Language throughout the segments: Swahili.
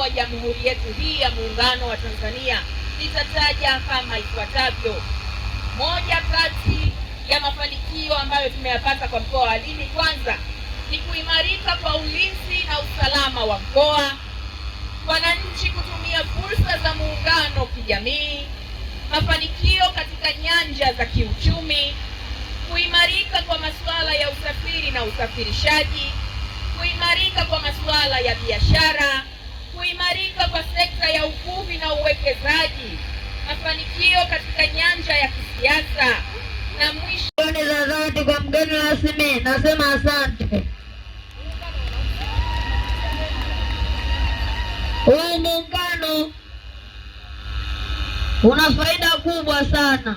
wa jamhuri yetu hii ya muungano wa Tanzania nitataja kama ifuatavyo. Moja kati ya mafanikio ambayo tumeyapata kwa mkoa wa Lindi, kwanza ni kuimarika kwa ulinzi na usalama wa mkoa, wananchi kutumia fursa za muungano kijamii, mafanikio katika nyanja za kiuchumi, kuimarika kwa masuala ya usafiri na usafirishaji, kuimarika kwa masuala ya biashara kuimarika kwa sekta ya uvuvi na uwekezaji, mafanikio katika nyanja ya kisiasa na mwisho za dhati kwa mgeni rasmi, nasema asante. Huu muungano una faida kubwa sana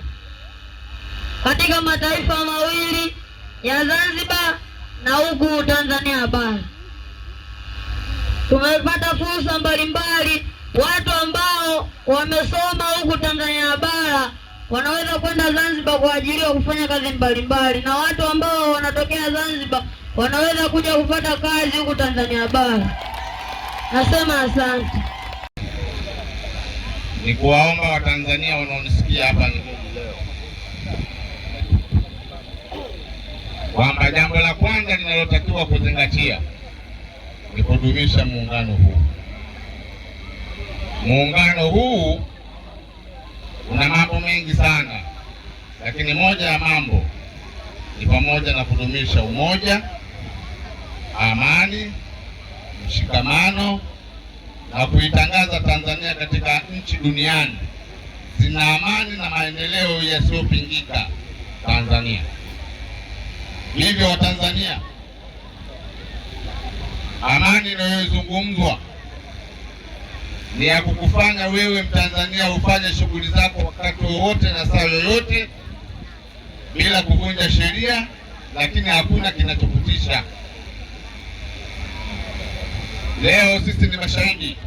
katika mataifa mawili ya Zanzibar na huku Tanzania bara. Tumepata fursa mbalimbali, watu ambao wamesoma huku Tanzania bara wanaweza kwenda Zanzibar kwa ajili ya kufanya kazi mbalimbali, na watu ambao wanatokea Zanzibar wanaweza kuja kupata kazi huku Tanzania bara. Nasema asante. Ni kuwaomba Watanzania wanaonisikia hapa leo kwamba jambo la kwanza linalotakiwa kuzingatia ni kudumisha muungano huu. Muungano huu una mambo mengi sana, lakini moja ya mambo ni pamoja na kudumisha umoja, amani, mshikamano na kuitangaza Tanzania katika nchi duniani zina amani na maendeleo yasiyopingika Tanzania. Hivyo Watanzania Amani inayozungumzwa ni ya kukufanya wewe Mtanzania ufanye shughuli zako wakati wowote na saa yoyote bila kuvunja sheria, lakini hakuna kinachokutisha. Leo sisi ni mashahidi,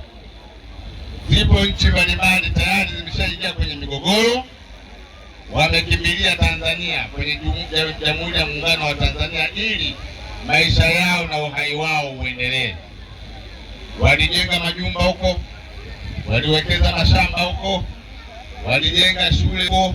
zipo nchi mbalimbali tayari zimeshaingia kwenye migogoro, wamekimbilia Tanzania kwenye Jamhuri ya Muungano wa Tanzania ili maisha yao na uhai wao uendelee. Walijenga majumba huko, waliwekeza mashamba huko, walijenga shule huko.